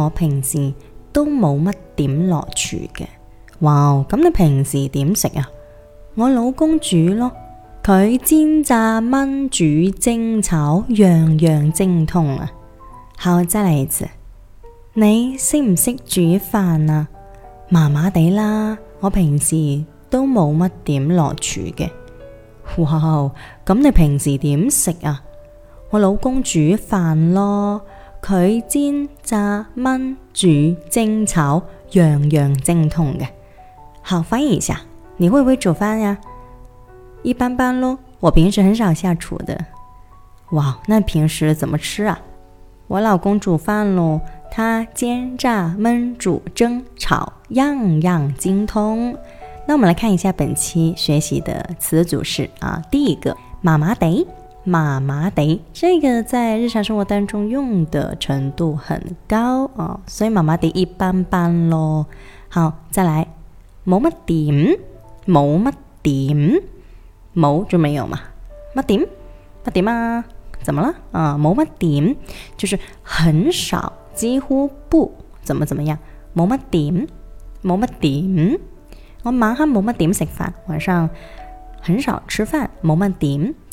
我平時都冇乜點落廚嘅，哇！咁你平時點食啊？我老公煮咯，佢煎炸炆煮蒸炒，樣樣精通啊！好真嚟，你識唔識煮飯啊？麻麻哋啦，我平時都冇乜點落廚嘅，哇！咁你平時點食啊？我老公煮飯咯。佢煎炸炆煮蒸炒，樣樣精通嘅。好，翻譯一下，你會不會煮飯呀？一般般咯，我平時很少下廚的。哇，那你平時怎麼吃啊？我老公煮飯咯，他煎炸燜煮蒸炒，樣樣精通。那我們來看一下本期學習的詞組式啊，第一個麻麻哋。麻麻哋，這個在日常生活當中用的程度很高啊，哦，所以麻麻哋一般般咯。好，再來，冇乜點，冇乜點，冇就沒有嘛？乜點？乜點啊？怎麼了啊？冇乜點，就是很少，幾乎不怎麼怎麼樣。冇乜點，冇乜點，我晚黑冇乜點食飯，晚上很少吃飯，冇乜點。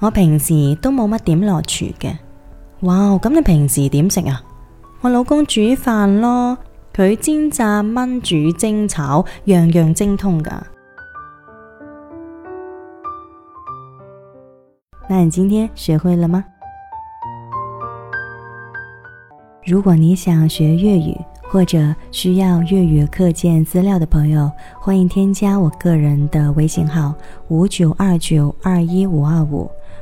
我平時都冇乜點落廚嘅。哇，咁你平時點食啊？我老公煮飯咯，佢煎炸燜煮蒸、蒸炒樣樣精通噶。那你今天學會了嗎？如果你想學粵語或者需要粵語課件資料的朋友，歡迎添加我個人的微信號五九二九二一五二五。